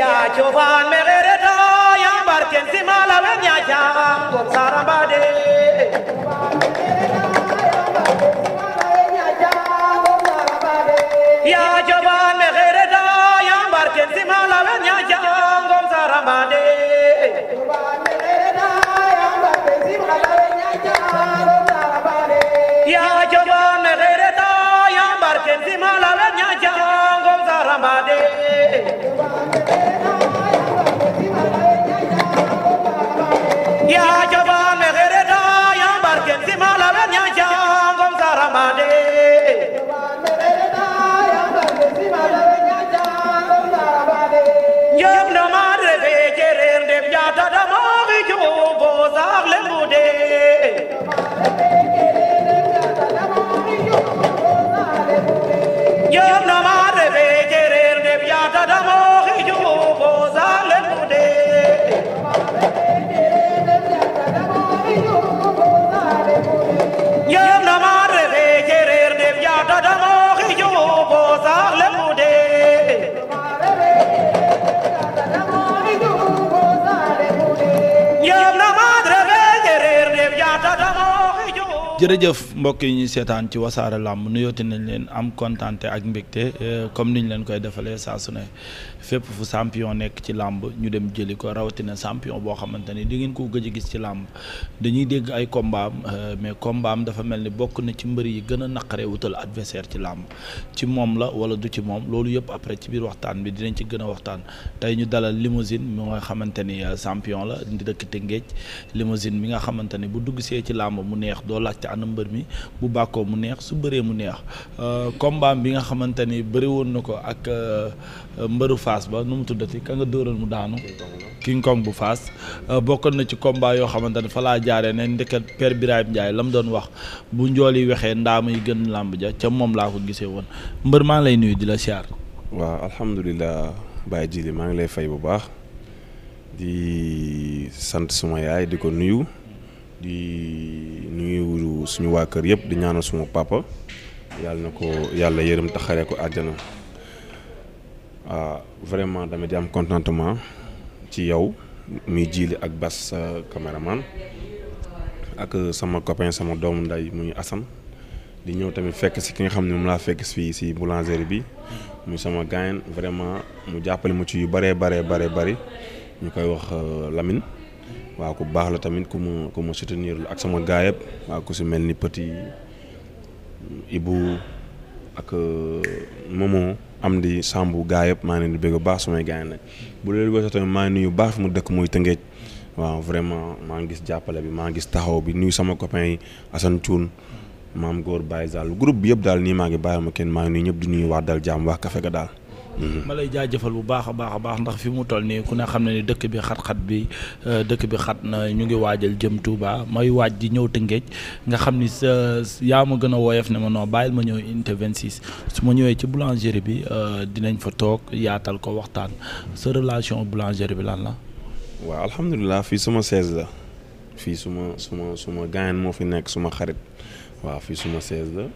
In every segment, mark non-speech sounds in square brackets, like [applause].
yaa cofaan mereere taa yaa barkeen si maa la wen yaa Kenzimalawe Nyanjango Zaramade Ya jërëjëf mbokk yi ñuy seetaan ci wasaare làmb nuyooti nañ leen am kontaan ak mbégte eh, comme niñ leen koy defalee saa su ne fépp fu champion nekk ci làmb ñu dem jëli ko rawatina champion boo xamante ni di ngeen ko gëj a gis ci làmb dañuy dégg ay combat am eh, mais combat dafa mel ni bokk na ci mbër yi gën a naqaree wutal adversaire ci làmb ci moom la wala du ci moom loolu yëpp après ci biir waxtaan bi dinañ ci gën a waxtaan tey ñu dalal limousine mi nga xamante ni eh, champion la di dëkk Tëngéej limousine bi nga xamante ni bu dugg see ci làmb mu neex doo laajte ana mbër mi bu bàkkoo mu neex su bëree mu neex euh, combat bi nga xamante ni bëri woon na ko ak euh, mbëru Fass ba nu mu tuddati ka nga dóoral mu daanu King Kong bu faas euh, bokkoon na ci combat yoo xamante ne fa laa jaaree ne ndeket Père Birahim Ndiaye la mu doon wax bu njool yi waxee ndaama yi gën làmb ja ca moom laa ko gisee woon mbër maa lay nuyu di la siyaar waaw alhamdulilah Baye Djili maa ngi lay fay bu baax di sant suma yaay di ko nuyu di nuyu suñu waa kër yëpp di ñaanal suma papa yàlla na ko yàlla yërëm taxaree ko àjjana ah vraiment tamit di am contentement ci yow muy jiili ak bas sa caméraman ak sama copain sama doomu nday muy Assane di ñëw tamit fekk si ki nga xam ne moom laa fekk fii si boulangerie bi muy sama gaayen vraiment mu jàppale mu ci yu bëree baree bare bëri ñu koy wax euh, Lamine. waaw ko baax la tamit ku ma ku ma la ak sama gaay yëpp waaw ku si mel ni petit Ibou ak euh, Momo am di Sambu gaay yëpp maa ngi leen di bëgg baax samay gaay nag bu loolu weesoo tamit maa ngi nuyu baax fi mu dëkk muy Tëngéej waaw vraiment maa ngi gis jàppale bi maa ngi gis taxaw bi nuyu sama copin yi assan Thioune maam góor Baye Zall groupe bi yëpp daal nii maa ngi bàyyi ma kenn maa ngi nuyu ñëpp di nuyu waa dal jàmm waa kafe ga daal. ma lay jaajëfal bu baax a baax a baax ndax fi mu toll nii ku ne xam ne ni dëkk bi xat-xat bi euh, dëkk bi xat na ñu ngi waajal jëm Touba may waaj di ñëw Tëngéej nga xam ni sa yaa ma gën a woyof ne ma noo bàyyil ma ñëw unité 26 su ma ñëwee ci boulangerie bi euh, dinañ fa toog yaatal ko waxtaan sa relation boulangerie bi lan la. waaw alhamdulilah fii suma sees la fii suma suma suma gaañan moo fi nekk suma xarit waaw fii suma sees la.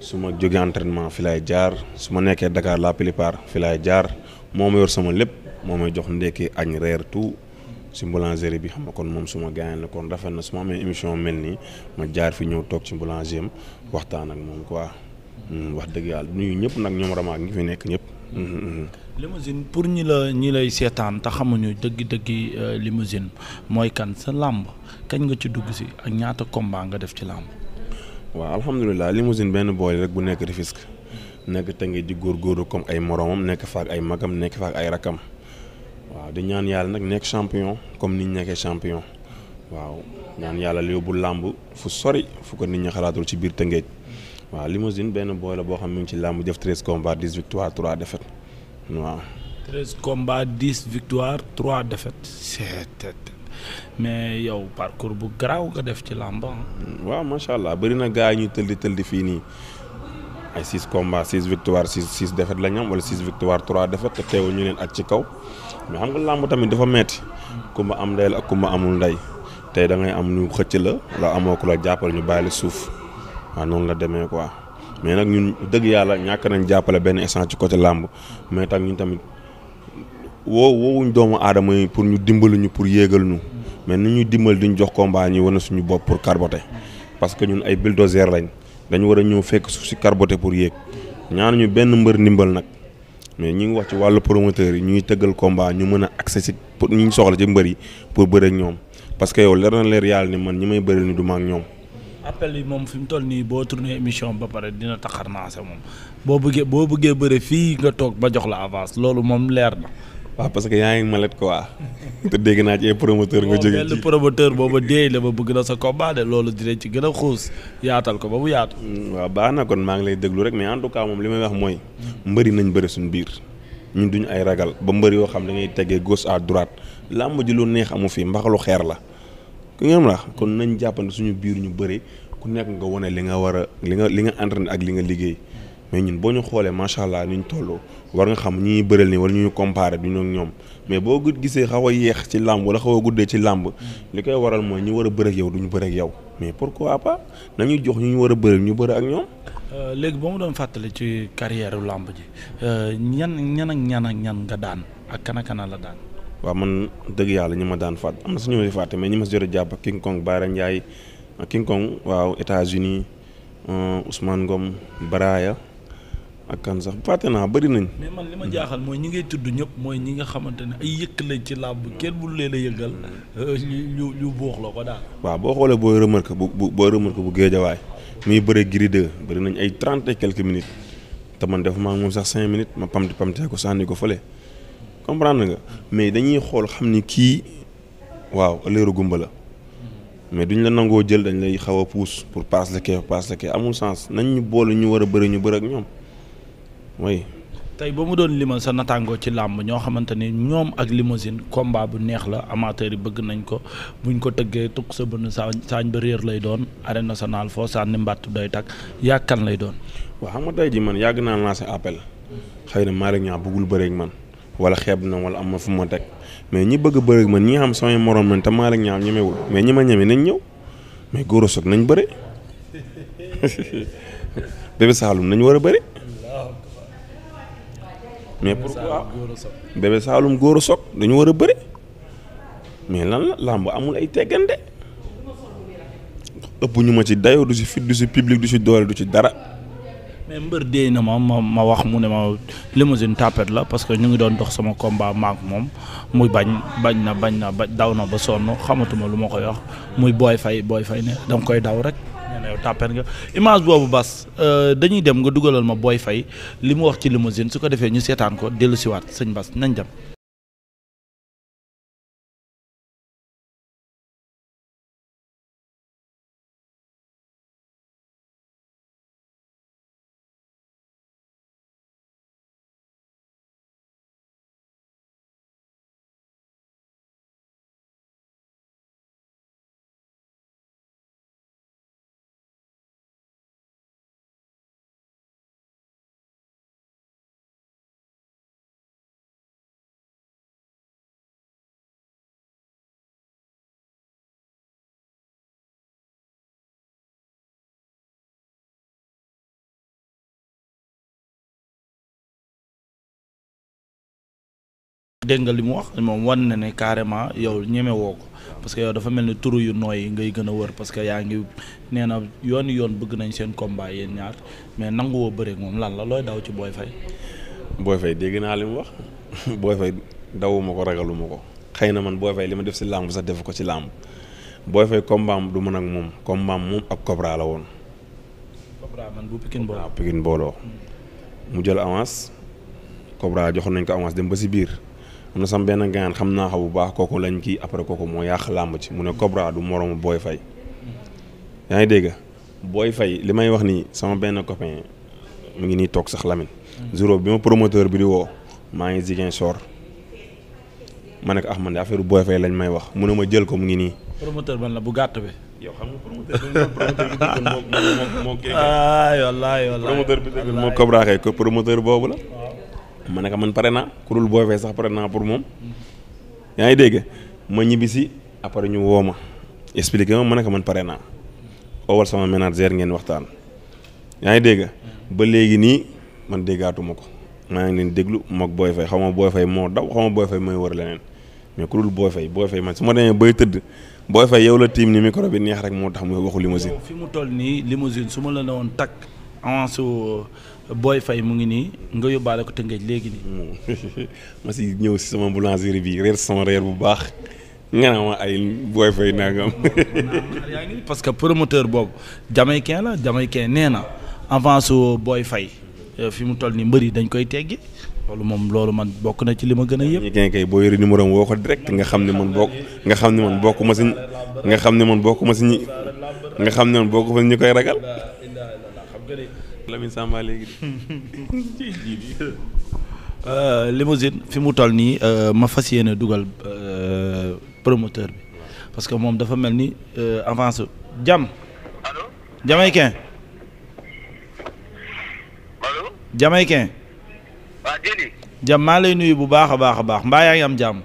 su ma jógee entraînement fi laay jaar su ma nekkee Dakar la plupart fi laay jaar moo ma yor sama lépp moo may jox ndekki añ reer tout si boulangerie bi xam nga kon moom suma gaañal la kon rafet na su ma amee émission mel nii ma jaar fi ñëw toog ci boulanger am waxtaan ak moom quoi hmm, wax dëgg yàlla nuyu ñëpp nag ñoom ramaak ñi fi nekk ñëpp. Hmm, hmm, limousine pour ñi la ñi lay seetaan te xamuñu dëgg dëggi euh, limousine mooy kan sa làmb kañ nga ci dugg si ak ñaata combat def ci làmb. waaw alhamdulilah limousine benn booy rek bu nekk Rufisque nekk Tëngéej di góorgóorlu comme ay moroomam nekk faak ay magam nekk faak ay rakam waaw di ñaan yàlla nag nekk champion comme ni ñu nekkee champion waaw ñaan yàlla li yóbbu làmb fu sori fu ko nit ñi xalaatul ci biir Tëngéej waaw limousine benn booy la boo xam mi ngi ci làmb def treize combats dix victoires trois défaites waaw. treize combats dix victoires trois défaites. mais yow parcours bu garaaw nga def ci làmb ah. waaw macha allah bëri na gaa di tëldi di fii nii ay six combats six victoires six six défaites la ñu am wala six victoires trois défaites te teewul ñu leen ak ci kaw mais xam nga làmb tamit dafa metti kumba am ndey la ak kumba amul ndey tey da am ñu xëcc la la amoo ko la jàppale ñu bàyyi la suuf waa noonu la demee quoi mais nag ñun dëgg yàlla ñàkk nañ jàppale benn essence ci côté làmb mais tax ñun tamit. woo woowuñ doomu aadama yi pour ñu dimbaluñu ñu pour yéegal ñu mais nu ñu dimbal di ñu jox combat ñi na suñu bopp pour carboter parce que ñun ay bulldozer lañ dañu war a ñëw fekk suuf si carboter pour yéeg ñaanuñu benn mbër ndimbal nag mais ñu ngi wax ci wàllu promoteur yi ñuy tëggal combat ñu mën a accès si ñu soxla ci mbër yi pour bëre ñoom parce que yow leer na leer ni man ñi may bëri ni du ma ak ñoom. appel yi moom fi mu toll nii boo tourné émission ba pare dina taxar naa sa moom boo bëggee boo bëggee bëre fii nga toog ba jox la avance loolu moom leer na. waaw parce que yaa ngi malet quoi [laughs] te dégg naa ci ay promoteur nga jógee ci promoteur booba déey la ma bëgg na sa combat de loolu dinañ ci gën a xuus yaatal ko ba mu yaatu mm, waaw baax na kon maa ngi lay déglu rek mais en tout cas moom li may wax mooy mbëri nañ bëri suñu biir ñun duñu ay ragal ba mbëri yoo xam da ngay tegee gauche à droite làmb ji lu neex fi mbaxalu xeer la ku ngeen la kon nañ jàppante suñu biir ñu bëri ku nekk nga wane li nga war a li nga li nga entraîné ak li nga liggéey mais ñun boo ñu xoolee macha allah ni ñu tolloo war nga xam ñi ñuy bëreel nii wala ñu ñu comparé du ñu ñoom mais boo gisee xaw a yeex ci làmb wala xaw a guddee ci làmb li koy waral mooy ñu war a bëre yow du ñu bëre ak yow mais pourquoi pas nañu jox ñu ñu war a bëre ñu bëre ak ñoom. Euh, léegi boo ma doon fàttali ci carrière làmb ji euh, ñan ñan ak ñan ak ñan nga daan ak kana la daan. waaw man dëgg yàlla ñu ma daan fàtt am na suñu ma fàtte mais ñi ma si jot a jàpp King Kong Baara Ndiaye King Kong waaw États-Unis euh, Ousmane Ngom Baraya ak kan sax fàtte naa bari nañ. mais man li ma jaaxal mooy ñi ngay tudd ñëpp mooy ñi nga xamante ne ay yëkk lañ ci làmb kenn bu leen a yëgal. Euh, ñu ñu boox la ko daal. waaw boo xoolee booy remarque bu bu booy remarque bu géejawaay muy bëre Gris 2 bëri nañ ay trente et quelques minutes te man def maa moom sax cinq minutes ma pamti pamtee ko sànni ko fële comprendre nga mais dañuy xool xam ni kii waaw leeru gumba la mais duñ la nangoo jël dañ lay xaw a puus pour paas la kee paas la amul sens nañ ñu boole ñu war a bëri ñu bëri ak ñoom. oui. tey ba mu doon limal sa nattaangoo ci làmb ñoo xamante ni ñoom ak limousine combat bu neex la amateur yi bëgg nañ ko bu buñ ko tëggee tukk sa bënn saa saañ ba réer lay doon arène nationale foo sànni mbàtt day tak yàkkan lay doon. waaw xam nga tey ji man yàgg naa lancé appel xëy na Malick Niang bëggul bëreeg man wala xeeb na wala am ma fu ma teg mais ñi bëgg a man ñi xam samay morom man te Malick Niang ñemewul mais ñi ma ñeme nañ ñëw mais góor nañ bëre [laughs] nañ war a bëre. mais pourquoi bébé Saalum góor a soog dañu war a bëri mais lan la làmb amul ay teggante ëpp ñu ma ci dayoo du ci fit du ci public du ci doole du ci dara. mais mbër déey na ma ma ma wax mu ne ma limousine tapette la parce que ñu ngi doon dox sama combat maak moom mu bañ bañ na bañ na ba daw na ba sonn xamatuma lu ma koy wax muy booy fay booy fay ne danga koy daw rek. nee na yow tàppeen nga image boobu bas euh, dañuy dem nga dugalal ma booy fay li mu wax ci limousine su ko defee ñu seetaan ko dellu siwaat sëñ Bas nañ dem dégg nga li mu wax moom wan na ne carrément yow ñeme ko parce que dafa mel ni turu yu nooy ngay gën a wër parce que yaa ngi nee na yoon yoon bëgg nañ seen combat yéen ñaar mais nanguwoo bëre moom lan la looy daw ci booy Faye. Boy Faye dégg naa li mu wax [laughs] Boy Faye dawuma ko ragaluma ko xëy na man Boy Faye li ma def si làmb sax def ko ci làmb Boy Faye kombaam du mën ak moom kombaam moom ak Cobra la woon. Cobra man bu Pikine booloo Pikine booloo hmm. mu jël avance Cobra joxoon nañ ko avance dem ba si biir. am na sama benn gaan xam naa ko bu baax kooku lañ kii après kooku moo yàq làmb ci mu ne Cobra du moroomu Boy Faye yaa ngi dégg booy fay li may wax nii sama benn copain mu ngi nii toog sax Lamine. zéro bi ma promoteur bi di woo maa ngi Ziguinchor ma ne ko ah man de affaire Boy Faye lañ may wax mu ne ma jël ko mu ngi nii. promoteur ban la bu gàtt bi. yow xam nga moo moo moo. kay promoteur boobu la. ma ne ko man pare naa ku dul boobee sax pare naa pour moom yaa ngi dégg ma ñibbisi si après ñu woo ma expliqué ma ma ne ko man pare naa owal sama manager ngeen waxtaan yaa ngi dégg ba léegi nii man déggaatuma ko maa ngi leen déglu moog booy fay xaw ma booy fay moo daw xaw ma booy fay mooy wër leneen mais ku dul booy fay booy fay man su ma demee bay tëdd booy fay yow la tiim ni micro bi neex rek moo tax muy waxu limousine. fi mu toll nii limousine su ma la ne woon takk avance booy fay mu ngi nii nga yóbbaale ko Tëngéej léegi nii. [laughs] ma si ñëw si sama boulangerie bi reer sama reer bu baax nga naa ma ay Boy Faye nangam. parce que promoteur boobu jamaïcain la jamaïcain nee na avance booy fay euh, fi mu toll nii mbëri dañ koy teggi loolu moom loolu man bokk na ci li ma gën a yëpp. ñu boo yore numéro am woo nga xam ne man bokk nga xam ne man bokk ma si nga xam ne man bokk ma si nga xam ne man bokk ma si ñi koy ragal. Lamine Samba léegi de. [laughs] Euh, limousine fi mu toll nii euh, ma fas yéene dugal euh, promoteur bi parce que moom dafa mel ni avance jam jamaykin jamaykin ah, jam maa lay nuyu bu baax a baax a baax mbaa yaa ngi am jàmm.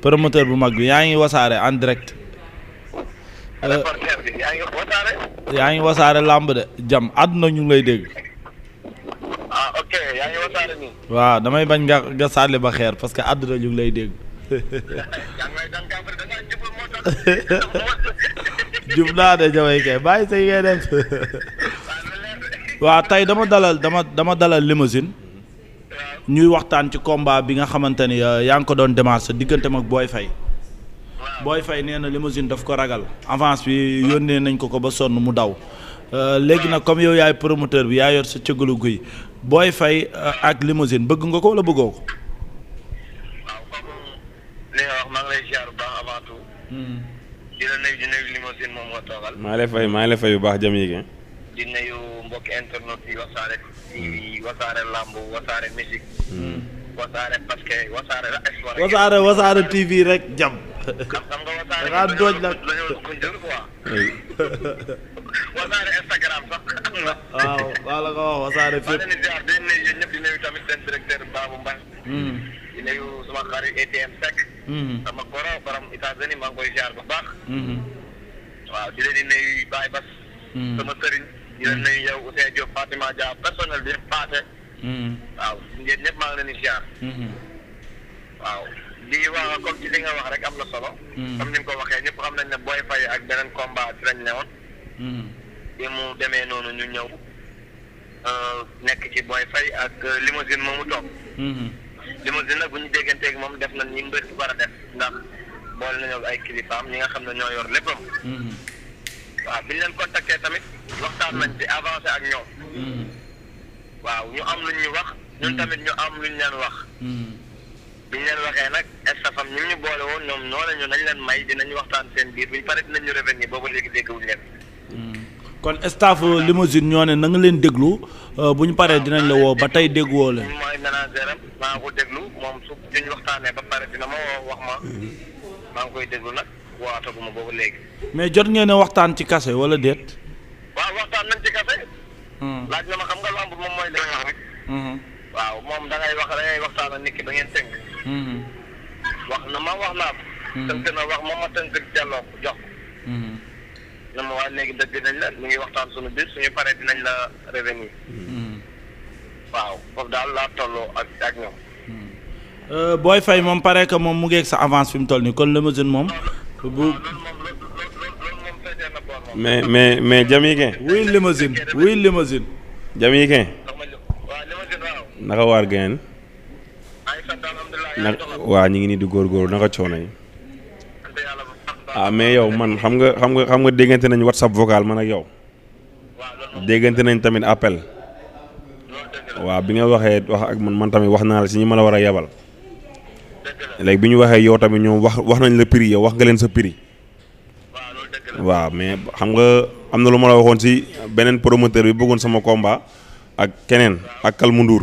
promoteur bu mag bi yaa ngi wasaare en direct. reporter euh, yaa ngi wasaare. yaa ngi làmb de jam àdduna ñu ngi lay dégg. Ah, waaw damay bañ nga nga ba xeer parce que àdduna ñu ngi lay dégg. [laughs] jub naa de jamay kay bàyyi sa ngay dem waaw tey dama dalal dama dama dalal limousine ñuy waxtaan ci combat bi nga xamante ni euh, yaa ngi ko doon démarche diggante mag booy Faye booy fay nee na limousine daf ko ragal avance bi yónnee nañ ko ko ba sonn mu daw euh, léegi nag comme yow yaay promoteur bi yaa yor sa cëggalu guy booy fay euh, ak limousine bëgg nga ko wala bëggoo ko. Euh, hmm. di la nuyu di nuyu maa lay fay maa lay fay bu baax jëm yi. di nuyu mbokki internet yi wasaare. yi wasaare wasaare TV rek jam da ngaa dooj nag wasaare Instagram sax waaw waaw la ko wax wasaare fépp ñëpp di nuyu tamit seen directeur Babou Mbaye hmm. di nuyu sama xarit ATM Seck hmm. sama goro borom États-Unis maa ngi koy jaar bu baax hmm. waaw di leen di nuyu Baye Bass sama sëriñ di leen nuyu yow Ousseyn Diop Fatima Dia personnel bi yëpp paase waaw ngeen ñëpp maa ngi leen di jaar waaw di wax comme ci li nga wax rek am na solo. Hmm. comme ni nga ko waxee ñëpp xam nañ ne Boy Faye ak beneen combat ci lañ newoon. Hmm. bi mu demee noonu ñu ñëw euh, nekk ci Boy Faye ak euh, limousine moomu toog. Hmm. limousine nag bu ñu dégganteeg moom def nañ ñi mbër bi war a def ndax boole nañoo ay kilifaam ñi nga xam ne ñoo yor léppam. waaw bi ñu leen tamit waxtaan nañ ci avancé ak ñoom. waaw ñu am luñ ñu wax. ñun tamit ñu am luñ leen wax. biñ leen waxee nag estafam ñi ñu boole woon ñoom noo nañu nañ leen may dinañ waxtaan seen biir buñ paree dinañ ñu revenir booba léegi dégguñ leen. Hmm. kon staff limousine ñoo ne na leen déglu euh, bu ñu paree dinañ la woo ba tey dégguwoo leen. mooy nanaa am maa ngi ko déglu moom su ñu waxtaanee ba pare dina ma woo wax ma. maa ngi koy déglu nag waataguma ma boobu léegi. mais jot ngeen waxtaan ci kase wala déet. waaw waxtaan nañ ci kase. Hmm. laaj na ma xam nga lamb moom mooy leen wax rek. Hmm. waaw moom dangay ngay wax da ngay waxtaan ak nit ki ngeen tënk. Mm-hmm. wax na ma wax naa ko. Mm-hmm. tënk na wax ma ma tënk delloo ko jox mm-hmm. na ma waa léegi dëgg nañ la ñu ngi waxtaan suñu biir suñu paree dinañ la revenir. waaw foofu daal laa tolloo ak ak ñoom. Euh, Boy Faye moom pare que moom mu ngeeg sa avance fi mu toll nii kon Limousine moom. bu mais mais mais Jamaïcain. oui Limousine oui Limousine. Jamaïcain. naka waar ngeen. nag waa ñu ngi nii di góor góor naka coono yi ah mais yow man xam nga xam nga xam nga déggante nañ whatsapp vocal man ak yow déggante nañ tamit appel waaw bi nga waxee wax ak man man tamit wax naa la si ñi ma la war a yebal léegi bi ñu waxee yow tamit ñoom wax wax nañ la prix yow wax nga leen sa prix waaw mais xam nga am na lu ma la waxoon si beneen promoteur bi bëggoon sama komba ak keneen ak Kalmundur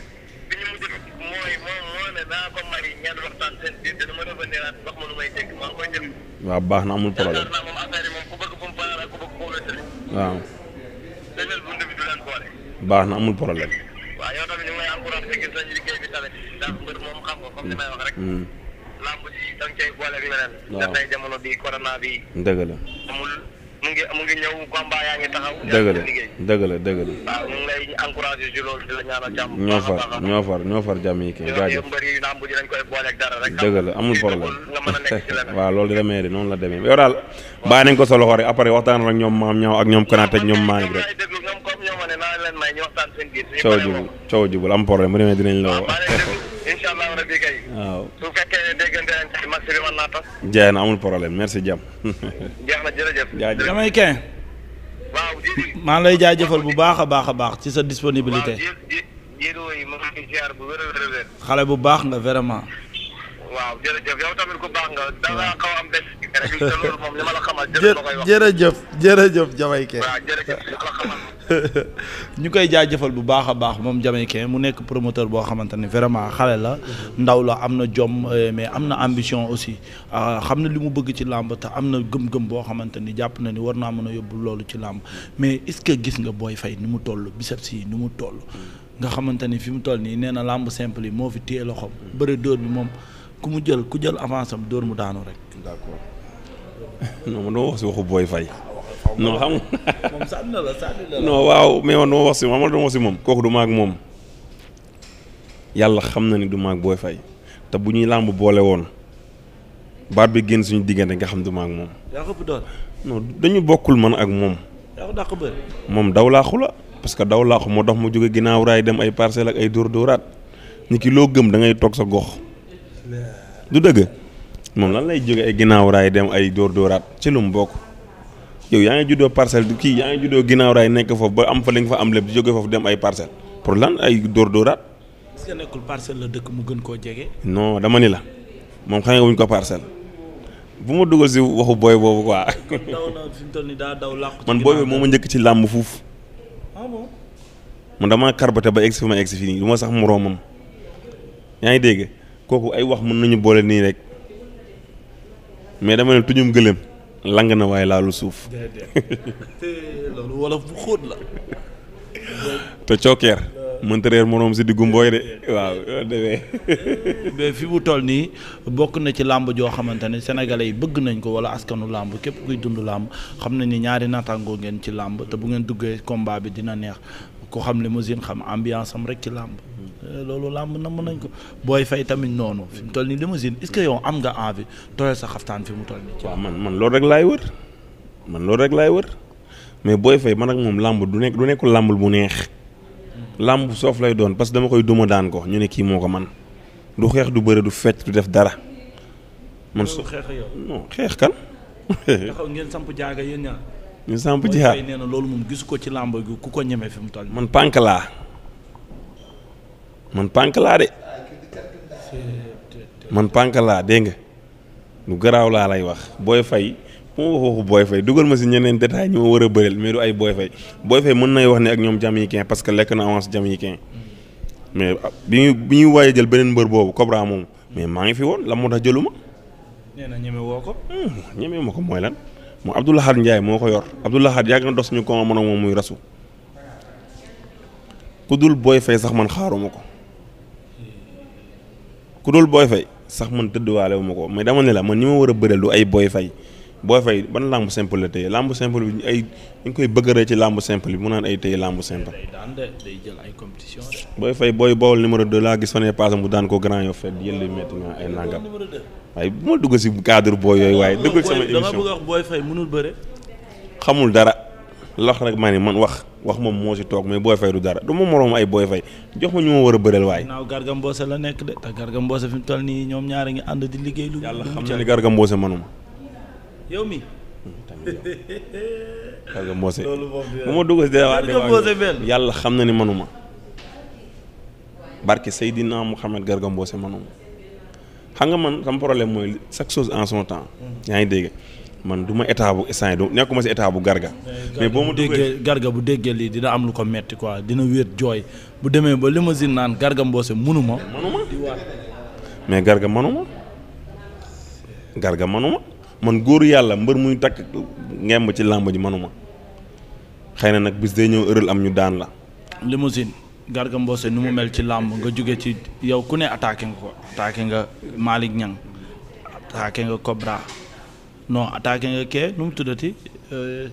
ko neexaat wax ma lu may dégg maa koy def. waaw baax na amul problème yaakaar naa moom affaire yi moom ku bëgg fu mu faral ak ku bëgg foo wettali. waaw. leneen bu ndëbi du leen boole. baax na amul problème. waaw yow tamit ñu ngi lay encouragé gis nañu liggéey bi tamit ndax mbir moom xam nga comme ni may wax rek. Mm. làmb ji da nga cay boole bi leneen. waaw dafay jamono bi corona bi. dëgg la amul. mu ngi dëgg ñoo far ñoo far ñoo far jàmm yi kay. jaajëf la amul problème nga mën a [laughs] loolu di la may noonu la demee yow daal bàyyi nañ ko solo loxo rek après waxtaan ak ñoom maam ñaaw ak ñoom Konaté ñoom Maalik rek. coow jubul coow jubul am problème dinañ la woo. [laughs] télé mën naa tas. jaay na amul problème merci Diam. [laughs] jeex na ngi lay jaajëfal bu baax a baax a baax ci sa disponibilité. xale bu baax nga vraiment. waaw jërëjëf yow tamit ku baax nga da nga xaw am benn [laughs] rek [laughs] ñu koy jaajëfal bu baax a baax moom Jamaïcain mu nekk promoteur boo xamante ne vraiment xale la ndaw la am na jom euh, mais am na ambition aussi euh, xam na li mu bëgg ci làmb te am na gëm-gëm boo xamante ni jàpp na ni war naa mën a yóbbu loolu ci làmb mais est-ce que gis nga booy fay ni mu toll biceps si ni mu toll nga xamante ni fi mu toll nii nee na làmb simple yi moo fi téye loxoom bëre dóor bi moom ku mu jël ku jël avance am dóor mu daanu rek. d'accord [laughs] non man dama wax si waxu noo xam nga waaw mais man du ma wax si moom kooku du maag moom yàlla xam na ni du maag booy fay te bu ñuy làmb boole woon baat bi génn suñu diggante nga xam du maag moom. dañu bokkul man ak moom. yaa ko moom daw laaxu la parce que daw laaxu moo tax mu jóge ginnaaw raay dem ay parcelle ak ay dóor dóoraat nit ki loo gëm dangay toog sa gox. du dëgg moom lan lay jóge ay ginnaaw raay dem ay dóor dóoraat ci lu mu bokk. yow yaa ngi juddoo parcelle du kii yaa ngi juddoo ginnaaw raay nekk foofu ba am fa li fa am lépp di jóge foofu dem ay parcelle pour lan ay dóor dóoraat. est nekkul parcelle la dëkk mu gën koo jege. non dama ni la moom xamee wuñ ko parcelle bu ma dugal si waxu booy boobu quoi. daw na fi daa daw làqu man booy bi moo ma njëkk ci làmb fuuf. ah dama man karbate ba egg fi ma egg si fii nii du ma sax moroomam yaa ngi dégg kooku ay wax mën nañu boole nii rek mais dama ne tuñum gëlëm. lang na waaye laalu suuf. loolu wolof bu la. te cookeer. mënta réer moroom si diggu mbooy de waaw demee. mais fi mu toll nii bokk na ci làmb joo xamante ne sénégalais yi bëgg nañ ko wala askanu làmb képp kuy dund làmb xam na ni ñaari naataangoo ngeen ci làmb te bu ngeen duggee combat bi dina neex ko xam limousine xam ambiance am rek ci làmb eh, loolu làmb na mën nañ ko booy fay tamit noonu fi mu toll nii limousine est-ce que yow am nga envie tooyal sa xaftaan fi mu toll nii. waaw man man loolu rek laay wër man loolu rek laay wër mais booy fay man nag moom làmb du nekk du nekkul làmbul bu neex. làmb soof lay doon parce que dama koy duma daan ko ñu ne kii moo ko man du xeex du bëre du fecc du def dara. man soo xeex yow non xeex kan. taxaw ñu samp ci na loolu moom ko ci làmb gi ku ko fi mu toll man pànk laa man pànk laa de man pànk laa dégg nga lu garaaw laa lay wax booy fay bu ma waxoo booy fay dugal ma si ñeneen détail ñu ma war a bëreel mais du ay booy fay booy fay mën nay wax ne ak ñoom jamaïcain parce que lekk na avance jamaïcain mais bi ah, ñu bi ñuy waaye jël beneen mbër boobu Cobra moom mais maa ngi fi woon la moo tax jëlu ma. nee ko. moy hmm, lan. moom Abdou Lahad njaay moo ko yor Abdou Lahad yàgg na dos ñu ko mën a moom muy rasu ku dul booy fay sax man xaaruma ko ku dul booy fay sax man tëddwaale wu ma ko mais dama ne la man ñi ma war a bëreel du ay booy fay booy fay ban làmb simple la tey làmb simple bi ay dañ koy bëgg ci lamb simple bi mu naan ay tey làmb simple. day jël ay compétition booy fay booy bool numéro 2 laa gis fan yii passé mu daan ko Grand Yoff fekk yële métti na ay nangam. waaye bu ma dugg si cadre boo yooyu waaye duggal sama émission dama bëgg wax Boy Faye mënul bëre. xamul dara lox rek maa ni man wax wax moom moo si toog mais Boy Faye du dara du ma moroom ay booy Faye jox ma ñu ma war a bëreel waaye. naaw Garga Mbossé la nekk de te Garga Mbossé toll nii ñoom ñaari ngi ànd di liggéey. lu yàlla xam na ni Garga Mbossé manuma yow mi hmm, Garga Mbossé bu ma dugg si dara yàlla xam na ni manuma barke Seydina Mouhamed Garga Mbossé manuma xam nga man sama problème mooy chaque sos en son temps. yaa ngi dégg man du ma état bu instant yi nekkuma si état bu garga. mais boo ma déggee garga bu déggee lii dina am lu ko metti quoi dina wéet jooy bu demee ba limousine naan garga mboose mënuma. mënuma mais garga mënuma garga mënuma man góor yàlla mbër muy takk ngemb ci làmb ji mënuma xëy na nag bis day ñëw ëral am ñu daan la. limousine. Garga Mbossé nu mu mel ci làmb nga jóge ci yow ku ne attaqué nga ko attaqué nga Malick Niang attaqué nga Cobra non attaqué nga kee nu mu tuddati. Euh,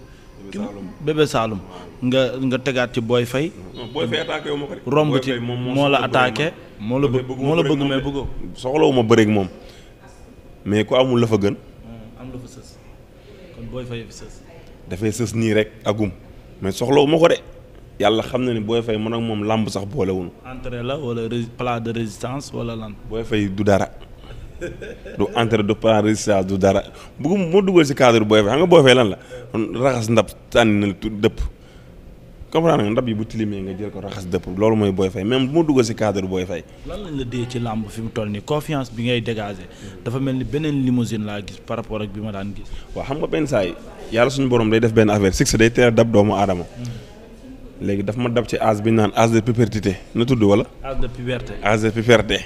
Bébé nga nga tegaat ci Boy Faye Boy Faye attaqué romb ci moo la attaqué moo la bëgg moo la bëgg mais bëggoo. ma bëreeg moom mais ku amul la fa gën. Hmm, am dafay sës nii rek agum mais soxlawu ko de. yàlla xam na ne booy fay man ak moom làmb sax boolewuñu. entrée la wala plat de résistance wala lan. booy fay du dara du entrée du plat de résistance du dara bëgguma moo dugal si cadre booy fay xam nga lan la raxas ndab tànn na dëpp. comprendre nga ndab yi bu tilimee nga jël ko raxas dëpp loolu mooy booy fay même bu ma duggal si cadre booy fay. lan lañ la dee ci làmb fi mu toll nii confiance bi ngay dégager dafa mel ni beneen limousine laa gis par rapport ak bi ma daan gis. waaw xam nga benn saa yi yàlla suñu borom day def benn affaire six day teel dab doomu aadama. Mm-hmm. léegi daf ma dab ci âge bi naan âge de puberté na tudd wala. âge de puberté âge de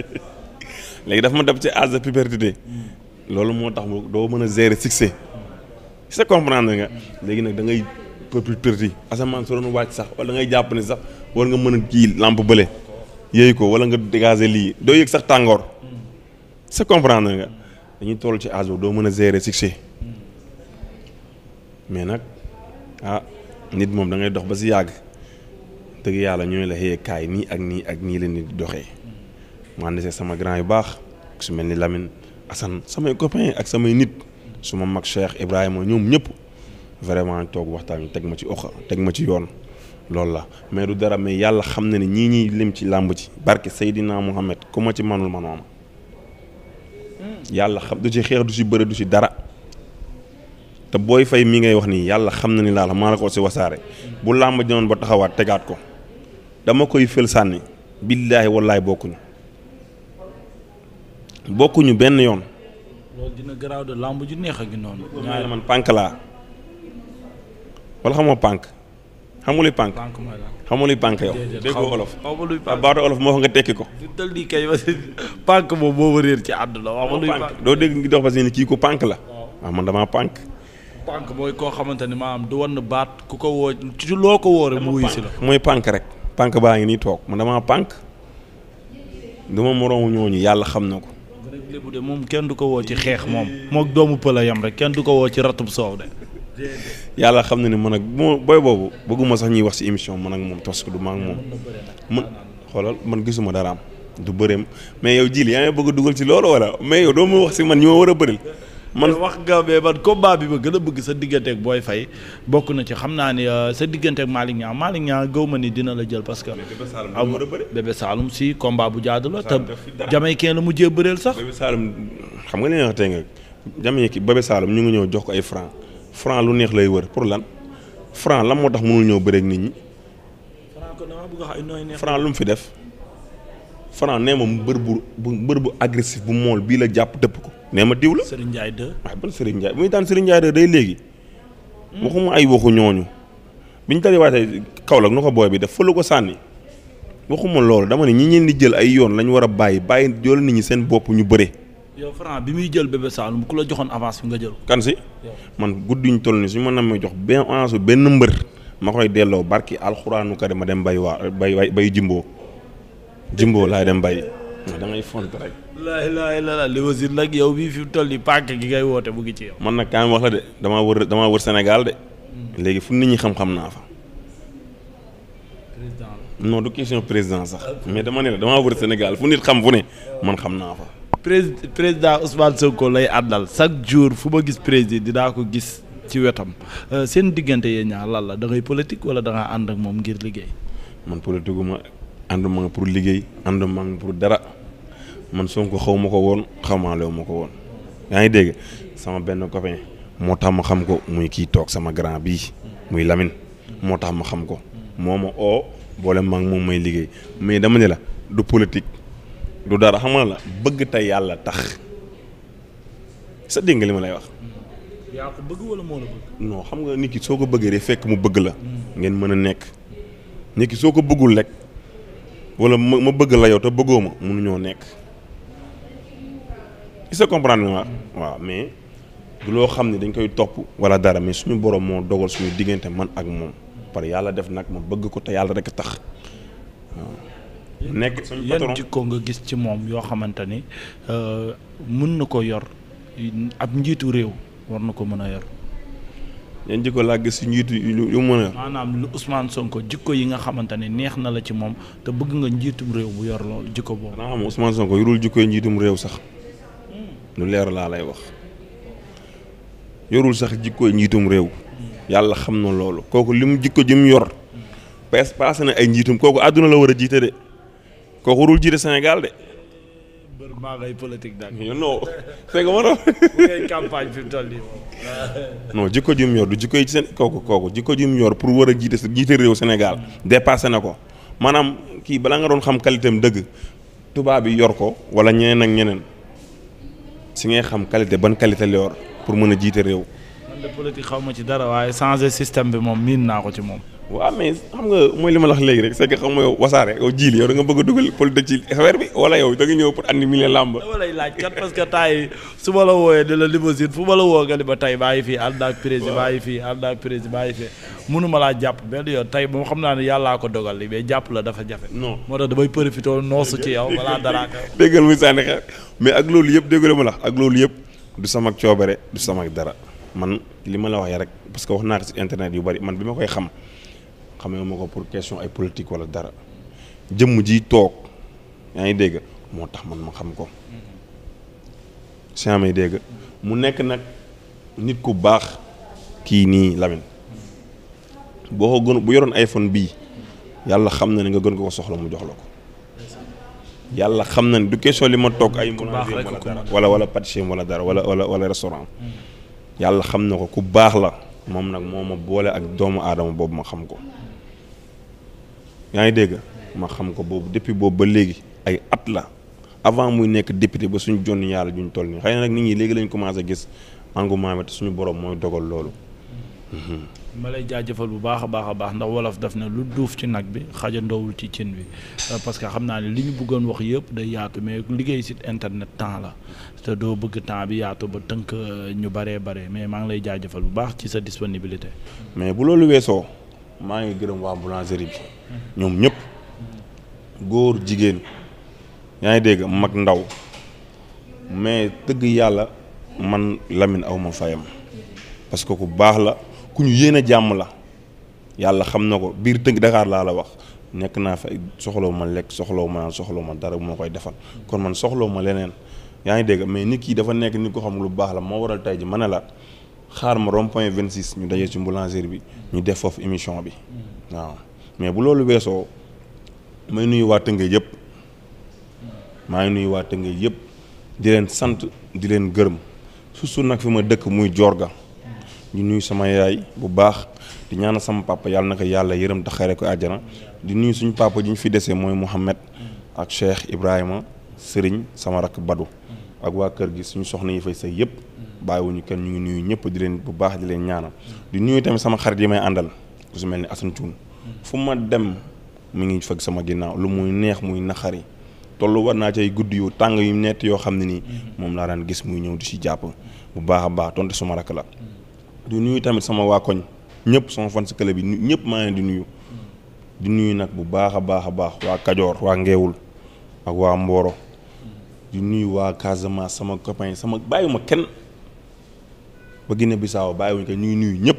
[laughs] léegi daf ma dab ci âge de puberté loolu moo tax doo mën a gérer succès sa comprendre nga léegi nag da ngay puberté asamaan su doon wàcc sax wala da ngay jàpp ne sax war nga mën a kii lampe bële yéey ko wala nga dégager lii doo yëg sax tàngoor sa comprendre nga dañuy toll ci âge doo mën a gérer succès mm. mais nag ah, nit moom da dox ba si yàgg dëgg yàlla ñooy la xëyee kaay nii ak nii ak nii la nit di doxee ma ànd sama grand yu baax su mel ni Lamine asan samay copain ak samay nit su ma mag Cheikh Ibrahima ñoom ñëpp vraiment toog waxtaan teg ma ci oxa teg ma ci yoon loolu la mais du dara mais yàlla xam na ne ñii ñuy lim ci làmb ci barke Seydina Mohamed ku ma ci manul manoo ma hmm. yàlla xam du ci xeex du ci bëre du ci dara te booy fay mi ngay wax nii yàlla xam na ni laa la maa la ko si wasaare bu làmb dinoon ba taxawaat tegaat ko dama koy fël sànni billaahi wallaahi bokkuñu bokkuñu benn yoon. dina garaaw làmb ju neex a gi man pànk laa wala xamoo pànk xamu pànk. pànk la xamu luy pànk yow. déggoo olof xamu luy pànk baatu olof moo wax nga tekki ko. du pànk moom moo réer ci àdduna. waaw pànk doo dégg ngi dox ba si ne kii ko pànk la. waaw ah, man damaa pànk. pànk mooy koo xamante ni maanaam du wan baat ku ko woo ci loo ko wóoree. mu wuyu si la mooy pànk rek. pànk baa ngi nii toog man damaa pànk du ma moroomu ñu yàlla xam na ko. lébu moom kenn du ko woo ci xeex moom moog doomu pël a rek kenn du ko woo ci ratub soow de. yàlla xam na ne man ak moo booy boobu bëgguma sax ñuy wax ci émission man ak moom tos ko du ma ak moom man xoolal man gisuma dara am du bëreem mais yow jii yaa ngi bëgg dugal ci loolu wala mais yow doo ma wax ci man ñoo war a bëril. man wax nga mais man combat bi ba gën a bëgg sa digganteeg booy fay bokk na ci xam naa ne euh, sa digganteeg Malick Niang Malick Niang gaw ma ni dina la jël parce que. Bébé Saloum si combat bu jaadu la. te Jamaïcain la mujjee bëreel sax. Bébé Saloum xam nga li nga wax tey ñu ngi ñëw jox ko ay franc franc lu neex lay wër pour lan franc lan moo tax mënul ñëw bëreeg nit ñi. franc lu mu fi def. franc nee ma mbër bu mbër bu agressif bu mool bii la jàpp dëpp ko. nee ma diw la. Serigne Ndiaye 2 waaye ban Serigne Ndiaye bu ñu daan Serigne Ndiaye 2 day léegi. Hmm. waxuma ay waxu ñooñu. bi ñu dajewaatee Kaolack nu ko booy bi def fële ko sànni. waxuma loolu dama ne ñi ñeen di jël ay yoon lañ war a bàyyi bàyyi jool nit ñi seen bopp ñu bëre. yow Franc bi muy jël Bébé Saloum ku la joxoon avance bi nga jël. kan man guddi ñu toll nii su ma namee jox benn avance benn mbër ma koy delloo barki alxuraanu kariim ma dem bay waa bay bay jimboo jimboo laay dem bay mais da ngay font rek. la ilaha illallah Léopold nag yow bii fi mu toll nii pàcc gi ngay woote mu ngi ci yow. man nag kaay wax la de damaa wër damaa wër Sénégal de. léegi fu nit ñi xam-xam naa fa. président non du question président sax. Ah, mais dama ne la damaa wër Sénégal fu nit xam fu ne man xam naa fa. président Ousmane Sonko lay àndal chaque jour fu ma gis président dinaa ko gis ci wetam euh, seen diggante yee ñaar lan la da ngay politique wala da ànd ak moom ngir liggéey. man ànduma nga pour liggéey ànduma nga pour dara man Sonko xaw ma ko woon xamalewu ma ko woon yaa ngi dégg sama benn copain moo tax ma xam ko muy kii toog sama grand bii muy lamin moo tax ma xam ko moo ma oo boole ma moom may liggéey mais dama ne la du politique du dara xam nga la bëgg te yàlla tax sa dégg nga ma lay wax. yaa wala moo la xam nga nit ki soo ko bëggee rek fekk mu bëgg la. ngeen mën a nekk nit ki soo ko bëggul rek. wala ma ma bëgg la yow te bëggoo ma mënuñoo nekk il se comprendre nga waaw mais du loo xam ne dañ koy topp wala dara mais suñu borom moo dogal suñu diggante man ak moom par yàlla def nag ma bëgg ko te yàlla rek tax nekk suñu ko nga gis ci moom yoo xamante ni euh, mën na ko yor ab njiitu réew war na ko mën a yor. yan jikko laa gis si njiitu yu mën a. maanaam lu Ousmane Sonko jikko yi nga xamante ne neex na la ci moom te bëgg nga njiitum réew bu yor loolu jikko boobu. maanaam Ousmane Sonko yorul jikko yi njiitum réew sax hmm. lu leer laa lay wax yorul sax jikko yi njiitum réew yàlla xam na loolu kooku mu jikko ji mu yor. paase hmm. paase na ay njiitum kooku àdduna la war a jiite de kooku warul jiite Sénégal de. maa ngay politique daal. non c'est que ma campagne fi mu toll nii non jikko ju yor du jikko yi seen kooku kooku jikko ju mu yor pour war a jiite jiite réew Sénégal dépassé na ko maanaam kii balaa nga doon xam qualité am dëgg tubaab yi yor ko wala ñeneen nag ñeneen si ngay xam qualité ban qualité la pour mën a jiite réew. man de politique xaw ma ci dara waaye changer système bi moom miin naa ko ci moom. waaw mais xam nga mooy li ma lax léegi rek c'est que xam nga yow wasaare yow jiili yow da nga bëgg a dugal politique ci affaire bi wala yow da ñëw pour andi mi làmb. dama laaj kat parce que temps yi su ma la wooyee di la limousine woo nga ni tey maa ngi fii ànd ak laa jàpp benn tey moom xam naa ne yàllaa ko dogal li mais jàpp la dafa jafe. non moo tax damay profité noosu ci yow. wala [laughs] dara déggal muy sànni xeer mais ak loolu yëpp déggu ma la ak loolu yëpp du sama coobare du sama dara man li ma la waxee rek parce que wax naa ko ci yu bari man bi ma koy xam xam xamee ma ko pour question ay politique wala dara jëmm ji toog yaa ngi dégg moo tax man ma xam ko si may dégg mu nekk nag nit ku baax kii nii Lamine boo ko gën bu yoroon iPhone bii yàlla xam na ne nga gën ko soxla mu jox la ko yàlla xam na ne du question li ma toog ay manager wala dara wala wala wala dara wala wala wala restaurant mm. yàlla xam na ko ku baax la moom nag moo ma boole ak doomu aadama boobu ma xam ko yaa ngi dégg ma xam ko boobu depuis boobu ba léegi ay at la avant muy nekk député ba suñu jonn yàlla juñ toll nii xëy na nag nit ñi léegi lañ commencé gis engouement bi te suñu borom mooy dogal loolu. Mhm. ma lay jaajëfal bu baax a baax a baax ndax wolof daf ne lu duuf ci nag bi xajandoowul ci cin bi euh, parce que xam naa ne li ñu bëggoon wax yëpp day yaatu mais liggéey site internet temps la te doo bëgg temps bi yaatu ba tënk euh, ñu baree bare mais maa ngi lay jaajëfal bu baax ci sa disponibilité. maa ngi gërëm waa boulangerie bi ñoom ñëpp góor jigéen yaa ngi dégg mag ndaw mais tëgg yàlla man Lamine aw ma fayam parce que ku baax la ku ñu yéene jàmm la yàlla xam na ko biir tëgg Dakar laa la wax nekk naa fa soxlawu ma lekk soxlawu ma naan soxlawu ma dara moo koy defal kon man soxlawu ma leneen yaa ngi dégg mais nit kii dafa nekk nit ko xam lu baax la moo waral tey ji ma ne la xaar ma rond point 26 ñu dajee ci boulangerie bi ñu def foofu émission bi waaw mais bu loolu weesoo may nuyu waa Tëngéej yëpp maa ngi nuyu waa Tëngéej yëpp di leen sant di leen gërëm su nag fi ma dëkk muy joor ga di nuyu sama yaay bu baax di ñaanal sama papa yàlla na ko yàlla yërëm daxare ko àjjana di nuyu suñu papa ji ñu fi desee mooy Mouhamed ak Cheikh Ibrahima Sëriñ sama rakk Badou. ak waa kër gi suñu soxna yi fay sëy yëpp bàyyiwuñu kenn ñu ngi nuyu ñëpp di leen bu baax di leen ñaanal di nuyu tamit sama xarit yi may àndal ku su mel ni Assane Thioune fu ma dem mu ngi fekk sama ginnaaw lu muy neex muy naqari tollu war naa cay guddi yu tàng yu nett yoo xam ne nii moom laa daan gis muy ñëw di si jàpp bu baax a baax tonte suma rakk la di nuyu tamit sama waa koñ ñëpp sama fan si kële bi ñëpp maa ngi di nuyu di nuyu nag bu baax a baax a baax waa Kajoor waa Ngeewul ak waa Mboro di nuyu waa Casamance sama copain sama bàyyiwuma kenn ba Guinée Bissau bàyyiwuñ ko ñu ngi nuyu ñëpp.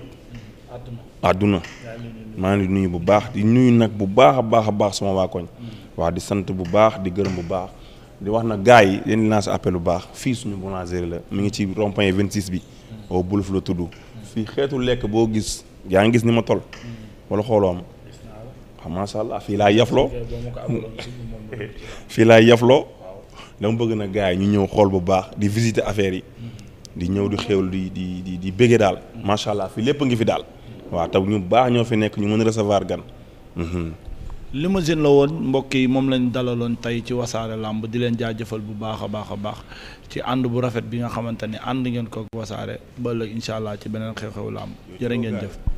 àdduna maa ngi nuyu bu baax di nuyu nag bu baax baax a baax sama waa koñ. Mm. di sant bu baax di gërëm bu baax di wax na gars yi leen lancé appel bu baax fii suñu boulangerie la mi ngi ci rond-point 26 bi. Mm. au Boulouf mm. fii xeetu lekk boo gis yaa ngi gis ni ma tol wala xooloo ma. macha allah ah, fii laay yafloo [laughs] fii laay yafloo dama bëgg na gars yi ñu ñëw xool bu baax di visiter affaire yi di ñëw di xéwlu di di di di bëggee daal macha allah fi lépp ngi fi daal waaw taw ñu baax ñoo fi nekk ñu mën a recevoir gan. Mhm. Limousine la woon mbokk yi moom lañ dalaloon tey ci wasaare làmb di leen jaajëfal bu baax a baax a baax ci ànd bu rafet bi nga xamante ne ànd ngeen ko wasaare ba ëllëg incha allah ci beneen xew-xewu làmb jërë ngeen jëf.